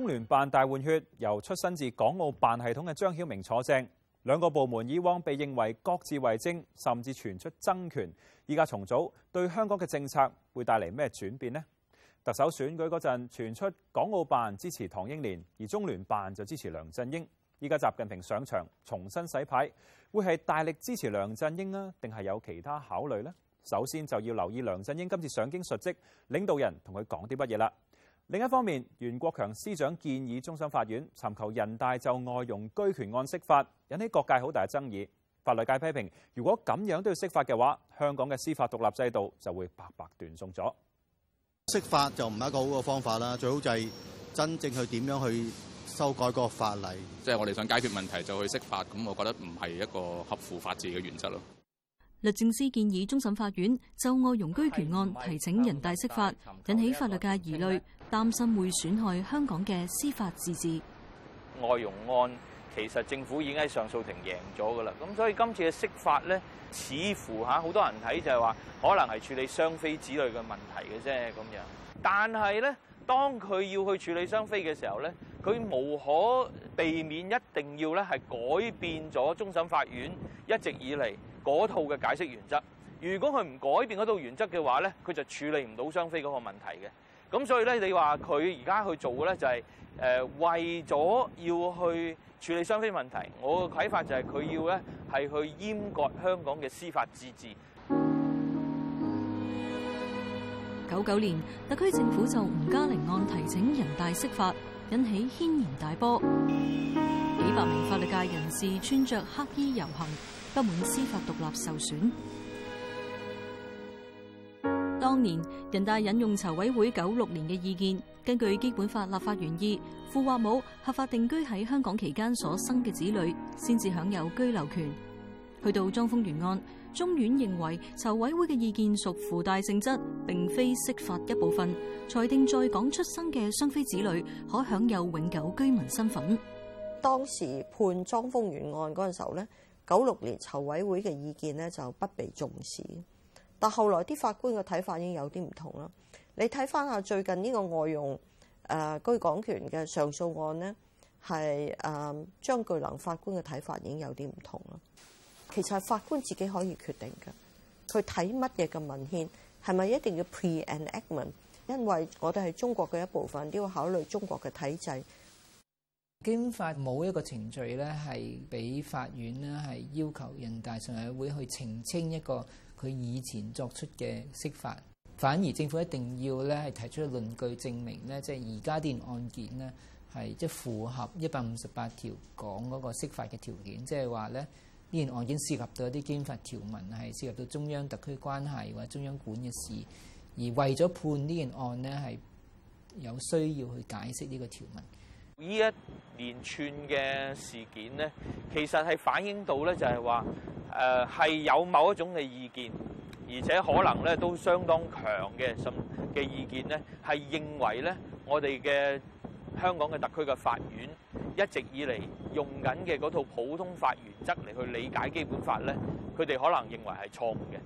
中聯辦大換血，由出身自港澳辦系統嘅張曉明坐正。兩個部門以往被認為各自為政，甚至傳出爭權。依家重組，對香港嘅政策會帶嚟咩轉變呢？特首選舉嗰陣傳出港澳辦支持唐英年，而中聯辦就支持梁振英。依家習近平上場重新洗牌，會係大力支持梁振英啊？定係有其他考慮呢？首先就要留意梁振英今次上京述職，領導人同佢講啲乜嘢啦？另一方面，袁國強司長建議終審法院尋求人大就外傭居權案釋法，引起各界好大爭議。法律界批評，如果咁樣都要釋法嘅話，香港嘅司法獨立制度就會白白斷送咗。釋法就唔係一個好嘅方法啦，最好就係真正去點樣去修改個法例。即係我哋想解決問題就去釋法，咁我覺得唔係一個合乎法治嘅原則咯。律政司建議終審法院就外傭居權案提請人大釋法，引起法律界疑慮，擔心會損害香港嘅司法自治。外傭案其實政府已經喺上訴庭贏咗噶啦，咁所以今次嘅釋法咧，似乎吓好多人睇就係話可能係處理雙非子女嘅問題嘅啫咁樣。但係咧，當佢要去處理雙非嘅時候咧，佢無可避免一定要咧係改變咗終審法院一直以嚟嗰套嘅解釋原則，如果佢唔改變嗰套原則嘅話咧，佢就處理唔到雙非嗰個問題嘅。咁所以咧，你話佢而家去做嘅咧、就是，就係誒為咗要去處理雙非問題，我嘅睇法就係佢要咧係去閹割香港嘅司法自治。九九年，特區政府就吳嘉玲案提請人大釋法，引起軒然大波，幾百名法律界人士穿着黑衣遊行。不滿司法獨立受損，當年人大引用籌委會九六年嘅意見，根據基本法立法原意，父或母合法定居喺香港期間所生嘅子女，先至享有居留權。去到莊豐源案，中院認為籌委會嘅意見屬附帶性質，並非釋法一部分，裁定在港出生嘅雙非子女可享有永久居民身份。當時判莊豐源案嗰陣時候呢。九六年籌委會嘅意見咧就不被重視，但後來啲法官嘅睇法已經有啲唔同啦。你睇翻下最近呢個外傭誒居港權嘅上訴案咧，係誒張舉能法官嘅睇法已經有啲唔同啦。其實法官自己可以決定嘅，佢睇乜嘢嘅文件係咪一定要 pre-enactment，因為我哋係中國嘅一部分，都要考慮中國嘅體制。《基本法》冇一個程序咧，係俾法院呢，係要求人大常委會去澄清一個佢以前作出嘅釋法，反而政府一定要咧係提出論據證明咧，即係而家呢件案件呢，係即係符合一百五十八條講嗰個釋法嘅條件，即係話咧，呢件案件涉及到一啲《基本法》條文係涉及到中央特區關係或者中央管嘅事，而為咗判呢件案呢，係有需要去解釋呢個條文。呢一連串嘅事件咧，其實係反映到咧，就係話誒係有某一種嘅意見，而且可能咧都相當強嘅，甚嘅意見咧係認為咧，我哋嘅香港嘅特區嘅法院一直以嚟用緊嘅嗰套普通法原則嚟去理解基本法咧，佢哋可能認為係錯誤嘅。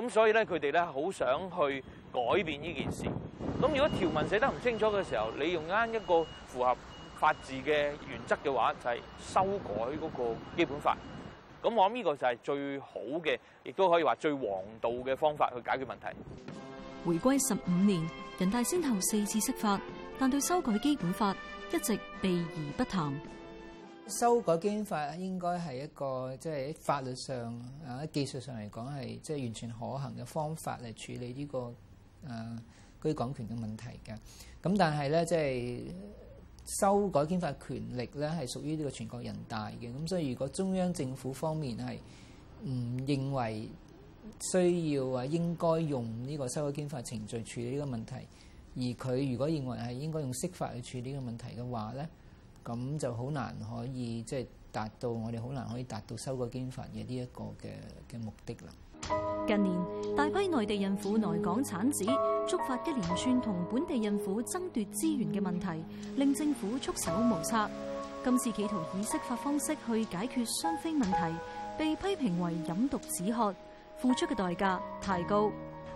咁所以咧，佢哋咧好想去改變呢件事。咁如果條文寫得唔清楚嘅時候，你用啱一個符合法治嘅原則嘅話，就係、是、修改嗰個基本法。咁我諗呢個就係最好嘅，亦都可以話最王道嘅方法去解決問題。回歸十五年，人大先後四次釋法，但對修改基本法一直避而不談。修改基本法應該係一個即係、就是、喺法律上啊、技術上嚟講係即係完全可行嘅方法嚟處理呢、這個誒、呃、居港權嘅問題嘅。咁但係咧即係。就是修改憲法權力咧係屬於呢個全國人大嘅，咁所以如果中央政府方面係唔認為需要話應該用呢個修改憲法程序處理呢個問題，而佢如果認為係應該用釋法去處理呢個問題嘅話咧，咁就好難可以即係。就是達到我哋好難可以達到修改憲法嘅呢一個嘅嘅目的啦。近年大批內地孕婦來港產子，觸發一連串同本地孕婦爭奪資源嘅問題，令政府束手無策。今次企圖以釋法方式去解決雙非問題，被批評為飲鴆止渴，付出嘅代價太高。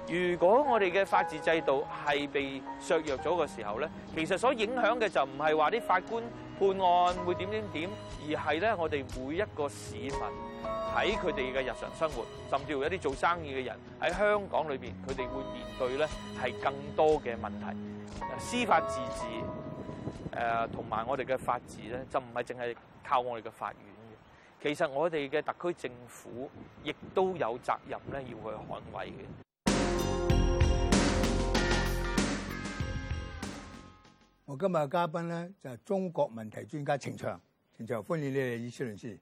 如果我哋嘅法治制度係被削弱咗嘅時候咧，其實所影響嘅就唔係話啲法官，判案會點點點，而係咧，我哋每一個市民喺佢哋嘅日常生活，甚至乎一啲做生意嘅人喺香港裏邊，佢哋會面對咧係更多嘅問題。司法自治誒同埋我哋嘅法治咧，就唔係淨係靠我哋嘅法院嘅，其實我哋嘅特區政府亦都有責任咧，要去捍衞嘅。我今日嘅嘉賓咧就係、是、中國問題專家程翔，程翔歡迎你哋議事論事。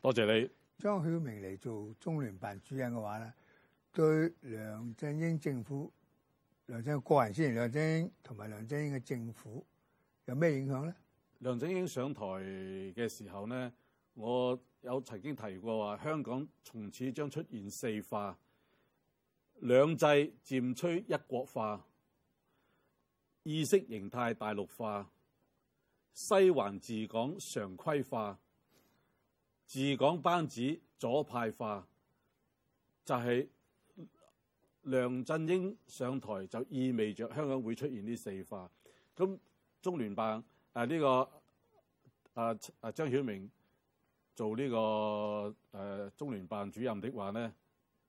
多謝你。張曉明嚟做中聯辦主任嘅話咧，對梁振英政府、梁振英個人先、梁振英同埋梁振英嘅政府有咩影響咧？梁振英上台嘅時候咧，我有曾經提過話，香港從此將出現四化，兩制漸趨一國化、意識形態大陸化、西環治港常規化、治港班子左派化，就係、是、梁振英上台就意味着香港會出現呢四化。咁中聯辦誒呢、啊這個誒、啊、張曉明做呢、這個、啊、中聯辦主任的話咧，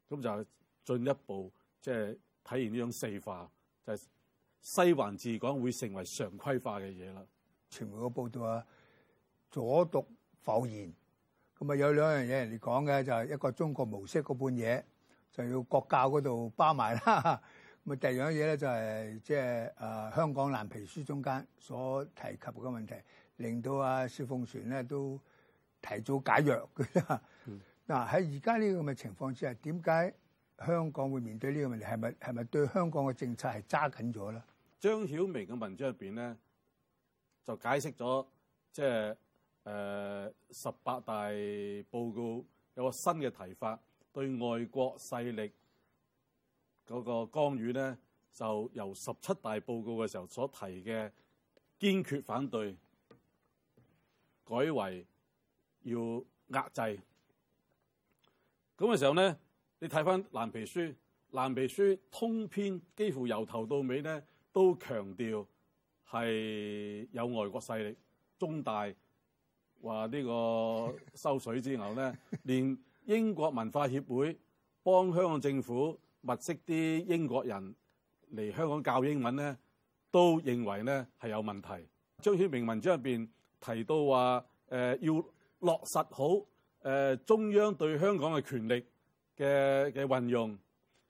咁就進一步即係體現呢種四化就係西環治港會成為常規化嘅嘢啦。傳媒嘅報道啊，左讀右言，咁啊有兩樣嘢人哋講嘅就係一個中國模式嗰半嘢，就要國教嗰度包埋啦。咁啊第二樣嘢咧就係即係誒香港藍皮書中間所提及嘅問題，令到阿、啊、薛鳳旋咧都提早解約。嗱喺而家呢個咁嘅情況之下，點解香港會面對呢個問題？係咪係咪對香港嘅政策係揸緊咗咧？張曉明嘅文章入邊咧，就解釋咗即係誒十八大報告有個新嘅提法，對外國勢力嗰個干預咧，就由十七大報告嘅時候所提嘅堅決反對，改為要壓制。咁嘅時候咧，你睇返藍皮書，藍皮書通篇幾乎由頭到尾咧，都強調係有外國勢力，中大話呢個收水之後咧，連英國文化協會幫香港政府物色啲英國人嚟香港教英文咧，都認為咧係有問題。張曉明文章入邊提到話，呃，要落實好，呃，中央對香港嘅權力嘅嘅運用。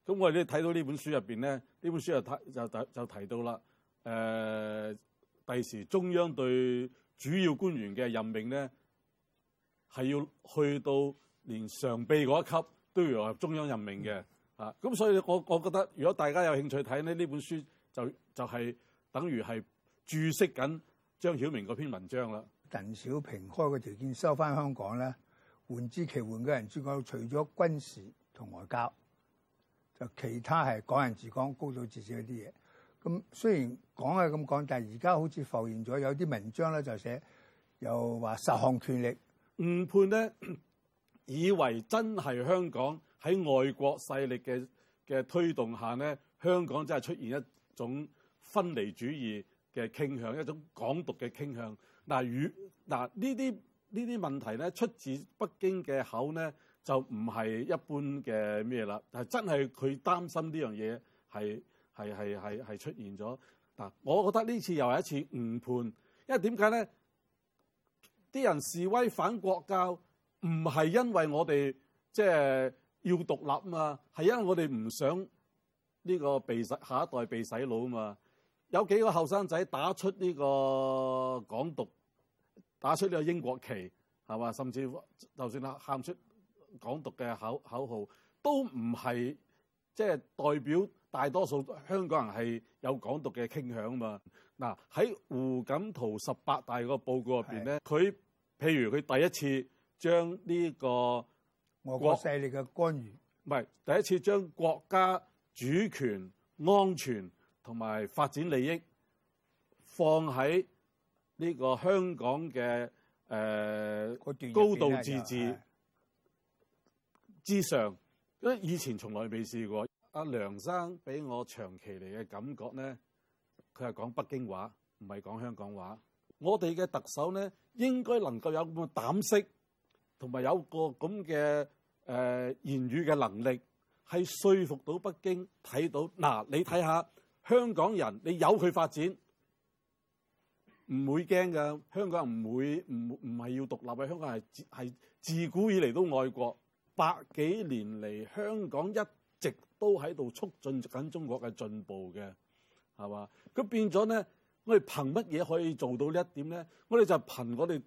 咁我哋睇到呢本書入面咧，呢本書就就，就提到啦，誒第時中央對主要官員嘅任命咧，係要去到連常秘嗰一級都要由中央任命嘅，啊咁所以我我覺得如果大家有興趣睇呢本書就就係、是、等於係注釋緊張曉明嗰篇文章啦。鄧小平開嗰條件收翻香港咧，換之其換嘅人之外，除咗軍事同外交。其他係港人治港、高度自治嗰啲嘢，咁雖然講係咁講，但係而家好似浮現咗有啲文章咧就寫又話失控權力誤判咧，以為真係香港喺外國勢力嘅嘅推動下咧，香港真係出現一種分離主義嘅傾向，一種港獨嘅傾向。嗱、呃，如嗱呢啲呢啲問題咧，出自北京嘅口咧。就唔係一般嘅咩啦，但係真係佢擔心呢樣嘢係係係係係出現咗嗱。我覺得呢次又係一次誤判，因為點解咧？啲人示威反國教唔係因為我哋即係要獨立啊嘛，係因為我哋唔想呢個被下一代被洗腦啊嘛。有幾個後生仔打出呢個港獨，打出呢個英國旗係嘛，甚至就算喊出港獨嘅口口號都唔係，即係代表大多數香港人係有港獨嘅傾向啊嘛！嗱、啊、喺胡錦濤十八大個報告入邊咧，佢譬如佢第一次將呢個國勢力嘅干預，唔係第一次將國家主權安全同埋發展利益放喺呢個香港嘅誒、呃、高度自治，之上，因為以前從來未試過。阿梁生俾我長期嚟嘅感覺咧，佢係講北京話，唔係講香港話，我哋嘅特首咧應該能夠有咁嘅膽識，同埋有個咁嘅誒言語嘅能力，係說服到北京睇到，嗱，啊。你睇下香港人，你有佢發展唔會驚㗎。香港人唔會唔唔係要獨立嘅。香港人係自係自古以嚟都愛國。百幾年嚟，香港一直都喺度促進緊中國嘅進步嘅，係嘛？咁變咗咧，我哋憑乜嘢可以做到呢一點咧？我哋就憑我哋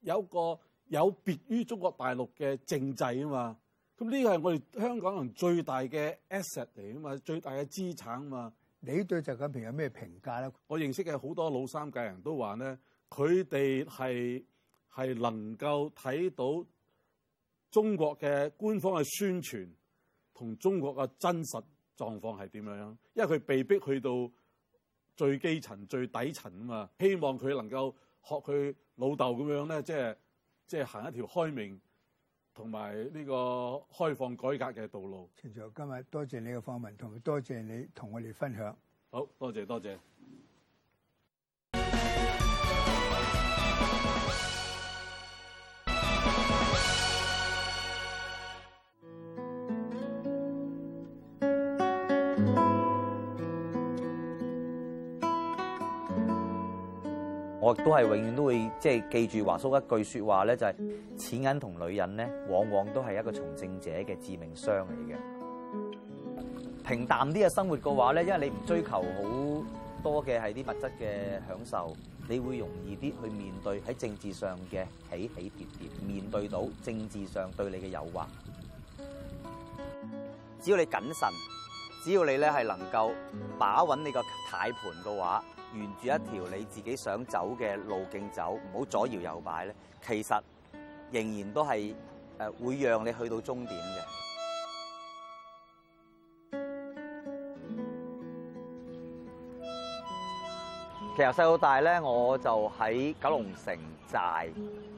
有個有別於中國大陸嘅政制啊嘛。咁呢個係我哋香港人最大嘅 asset 嚟啊嘛，最大嘅資產啊嘛。你對習近平有咩評價咧？我認識嘅好多老三屆人都話咧，佢哋係係能夠睇到。中國嘅官方嘅宣傳同中國嘅真實狀況係點樣？因為佢被逼去到最基層、最底層啊嘛，希望佢能夠學佢老豆咁樣咧，即係即係行一條開明同埋呢個開放改革嘅道路。程翔，今日多謝你嘅訪問，同多謝你同我哋分享。好多謝，多謝。我亦都係永遠都會即係、就是、記住華叔一句說話咧，就係、是、錢銀同女人咧，往往都係一個從政者嘅致命傷嚟嘅。平淡啲嘅生活嘅話咧，因為你唔追求好多嘅係啲物質嘅享受，你會容易啲去面對喺政治上嘅起起跌跌，面對到政治上對你嘅誘惑。只要你謹慎，只要你咧係能夠把穩你個軚盤嘅話。沿住一條你自己想走嘅路徑走，唔好左搖右擺咧，其實仍然都係誒會讓你去到終點嘅。其實由細到大咧，我就喺九龍城寨、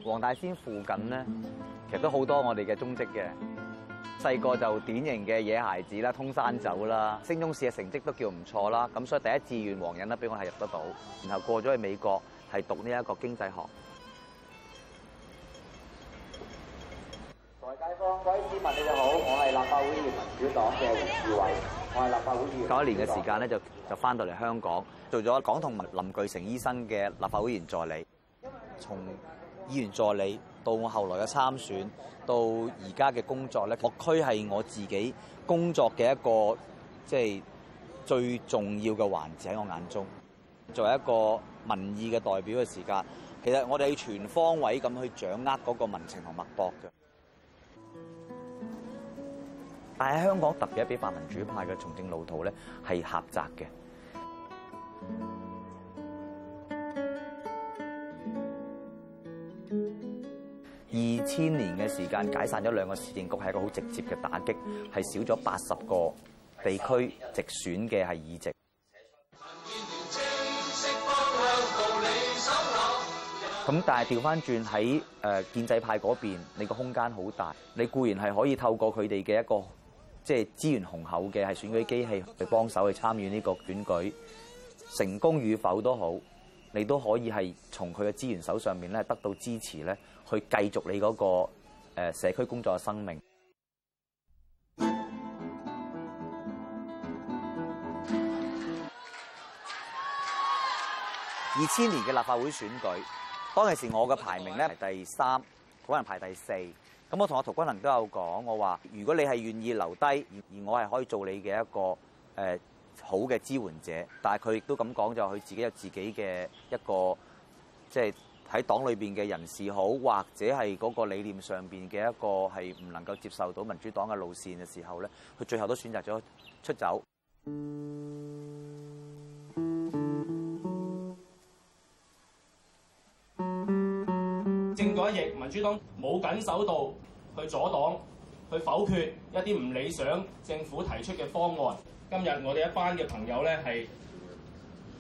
黃大仙附近咧，其實都好多我哋嘅蹤跡嘅。細個就典型嘅野孩子啦，通山走啦、嗯，升中試嘅成績都叫唔錯啦。咁所以第一志願黃人啦，俾我係入得到，然後過咗去美國，係讀呢一個經濟學。各位街坊、各位市民，你哋好，我係立、就是、立法會議員，民主黨嘅胡志偉，我係立法會議員。九一年嘅時間咧，就就翻到嚟香港，做咗港同民林巨成醫生嘅立法會議員助理，從議員助理。到我後來嘅參選，到而家嘅工作咧，各區係我自己工作嘅一個即係、就是、最重要嘅環節喺我眼中。作為一個民意嘅代表嘅時間，其實我哋要全方位咁去掌握嗰個民情同脈搏嘅。但係香港特別一啲泛民主派嘅從政路途咧係狹窄嘅。二千年嘅時間解散咗兩個市政局，係一個好直接嘅打擊，係少咗八十個地區直選嘅係議席。咁 但係調翻轉喺建制派嗰邊，你個空間好大，你固然係可以透過佢哋嘅一個即係資源雄厚嘅係選舉機器嚟幫手去參與呢個選舉，成功與否都好，你都可以係從佢嘅資源手上面咧得到支持咧。去繼續你嗰個社區工作嘅生命。二千年嘅立法會選舉，當陣時我嘅排名咧係第三，可能排第四。咁我同阿陶君行都有講，我話如果你係願意留低，而我係可以做你嘅一個誒、呃、好嘅支援者。但係佢亦都咁講，就佢自己有自己嘅一個即係。就係喺黨裏邊嘅人士好，或者係嗰個理念上邊嘅一個係唔能夠接受到民主黨嘅路線嘅時候呢，佢最後都選擇咗出走。政改一役，民主黨冇緊守到去阻擋、去否決一啲唔理想政府提出嘅方案。今日我哋一班嘅朋友呢，係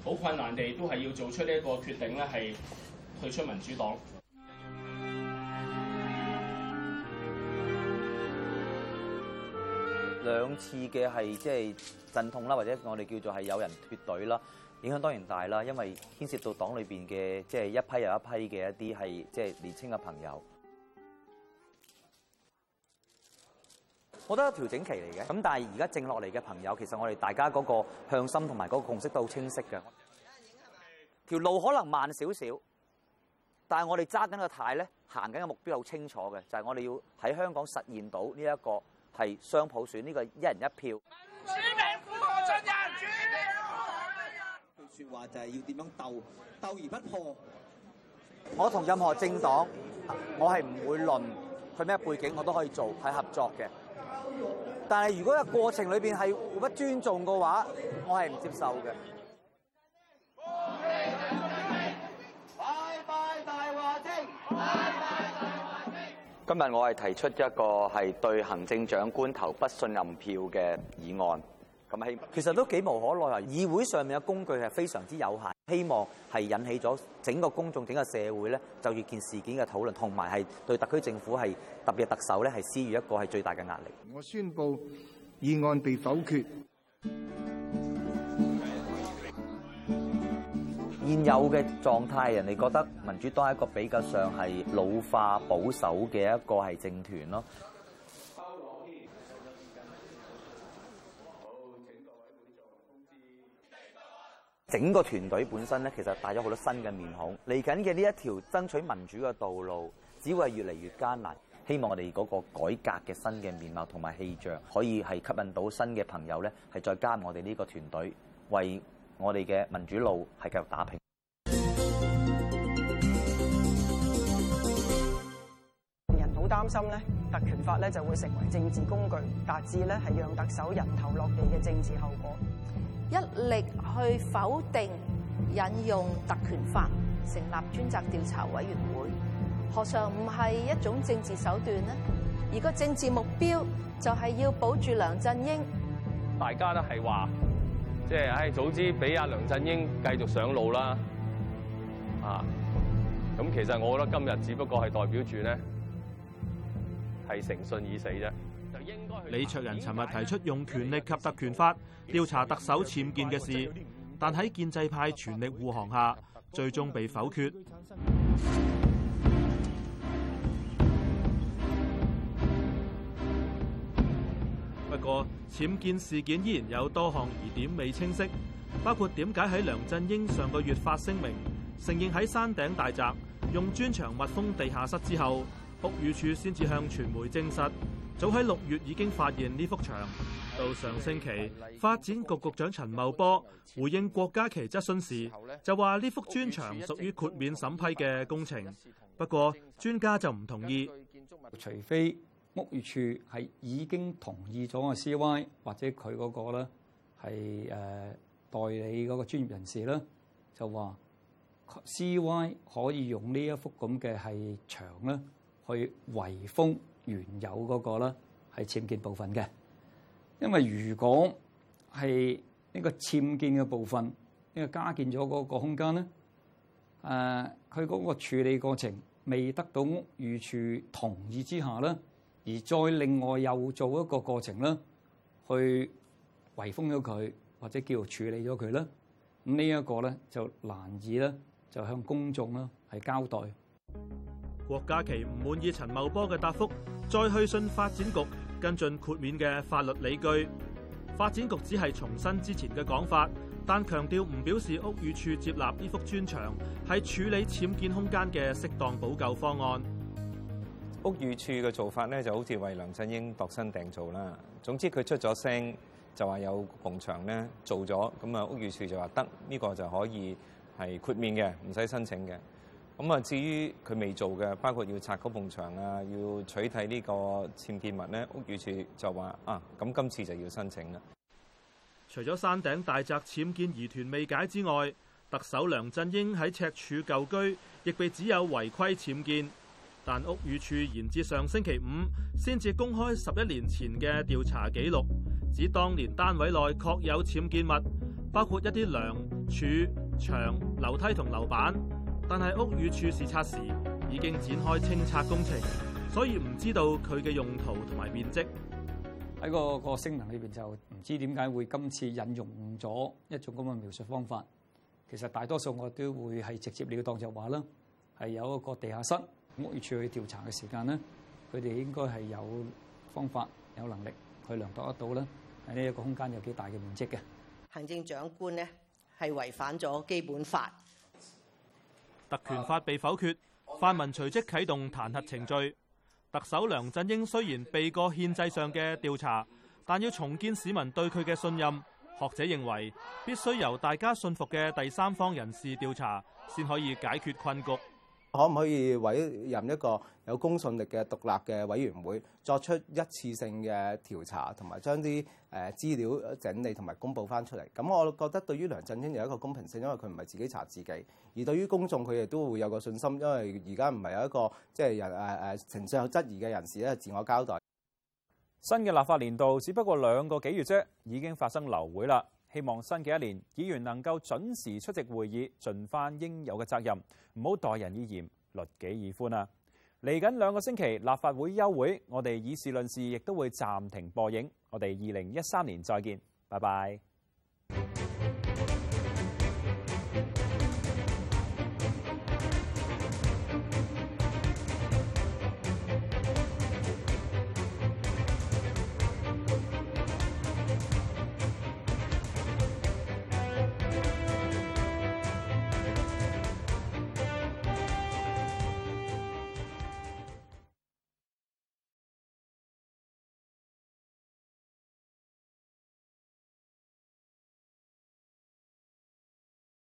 好困難地都係要做出呢一個決定呢係。是退出民主黨兩次嘅係即係陣痛啦，或者我哋叫做係有人脫隊啦，影響當然大啦，因為牽涉到黨裏邊嘅即係一批又一批嘅一啲係即係年青嘅朋友。我覺得調整期嚟嘅，咁但係而家靜落嚟嘅朋友，其實我哋大家嗰個向心同埋嗰個共識都好清晰嘅。條路可能慢少少。但係我哋揸緊個態咧，行緊個目標好清楚嘅，就係我哋要喺香港實現到呢一個係雙普選呢個一人一票。為使命，為何盡人主命？一句說話就係要點樣鬥，鬥而不破。我同任何政黨，我係唔會論佢咩背景，我都可以做係合作嘅。但係如果個過程裏面係互不尊重嘅話，我係唔接受嘅。今日我係提出一個係對行政長官投不信任票嘅議案，咁希其實都幾無可奈何啊！議會上面嘅工具係非常之有限，希望係引起咗整個公眾、整個社會咧就要件事件嘅討論，同埋係對特區政府係特別特首咧係施予一個係最大嘅壓力。我宣布議案被否決。現有嘅狀態，人哋覺得民主黨係一個比較上係老化保守嘅一個係政團咯。整個團隊本身咧，其實帶咗好多新嘅面孔。嚟緊嘅呢一條爭取民主嘅道路，只會係越嚟越艱難。希望我哋嗰個改革嘅新嘅面貌同埋氣象，可以係吸引到新嘅朋友咧，係再加入我哋呢個團隊為。我哋嘅民主路係繼續打拼。人好擔心咧，特權法咧就會成為政治工具，達至咧係讓特首人頭落地嘅政治後果。一力去否定引用特權法成立專責調查委員會，何嘗唔係一種政治手段呢？而個政治目標就係要保住梁振英。大家都係話。即係，唉，早知俾阿梁振英繼續上路啦，啊，啊！咁其實我覺得今日只不過係代表住呢，係誠信已死啫。李卓人尋日提出用權力及特權法調查特首僭建嘅事，但喺建制派全力護航下，最終被否決。不過僭建事件依然有多項疑點未清晰，包括點解喺梁振英上個月發聲明承認喺山頂大宅用磚牆密封地下室之後，屋宇署先至向傳媒證實，早喺六月已經發現呢幅牆。到上星期，發展局局長陳茂波回應郭家麒質詢時，就話呢幅磚牆屬於豁免審批嘅工程，不過專家就唔同意，除非。屋宇署係已經同意咗個 C Y 或者佢嗰個咧係誒代理嗰個專業人士咧，就話 C Y 可以用呢一幅咁嘅係牆咧去圍封原有嗰個咧係僭建部分嘅，因為如果係呢個僭建嘅部分，呢個加建咗嗰個空間咧，誒佢嗰個處理過程未得到屋宇署同意之下咧。而再另外又做一個過程啦，去圍封咗佢，或者叫處理咗佢啦。呢一個咧就難以咧就向公眾啦係交代。郭家麒唔滿意陳茂波嘅答覆，再去信發展局跟進豁免嘅法律理據。發展局只係重申之前嘅講法，但強調唔表示屋宇署接納呢幅專長，係處理僭建空間嘅適當補救方案。屋宇署嘅做法咧，就好似為梁振英度身訂造啦。總之佢出咗聲，就話有埲牆咧，做咗，咁啊屋宇署就話得，呢個就可以係豁免嘅，唔使申請嘅。咁啊，至於佢未做嘅，包括要拆嗰埲牆，牆個屋啊，要取締呢個僭建物咧，屋宇署就話啊，咁今次就要申請啦。除咗山頂大宅僭建疑團未解之外，特首梁振英喺赤柱舊居亦被指有違規僭建。但屋宇署延至上星期五先至公開十一年前嘅調查記錄，指當年單位內確有僭建物，包括一啲梁柱、牆、樓梯同樓板。但係屋宇署視察時已經展開清拆工程，所以唔知道佢嘅用途同埋面積、那個。喺、那個個聲明裏邊就唔知點解會今次引用咗一種咁嘅描述方法。其實大多數我都會係直接了當就話啦，係有一個地下室。屋處去調查嘅時間呢，佢哋應該係有方法、有能力去量度得到啦。喺呢一個空間有幾大嘅面積嘅。行政長官呢係違反咗基本法。特權法被否決，泛民隨即啟動彈劾程序。特首梁振英雖然避過憲制上嘅調查，但要重建市民對佢嘅信任，學者認為必須由大家信服嘅第三方人士調查，先可以解決困局。可唔可以委任一個有公信力嘅獨立嘅委員會作出一次性嘅調查，同埋將啲誒資料整理同埋公布翻出嚟？咁我覺得對於梁振英有一個公平性，因為佢唔係自己查自己，而對於公眾佢亦都會有個信心，因為而家唔係有一個即係人誒誒情緒有質疑嘅人士咧自我交代。新嘅立法年度只不過兩個幾月啫，已經發生流會啦。希望新嘅一年，議員能夠準時出席會議，盡翻應有嘅責任，唔好待人以嚴，律己以寬啊！嚟緊兩個星期立法會休會，我哋議事論事，亦都會暫停播映。我哋二零一三年再見，拜拜。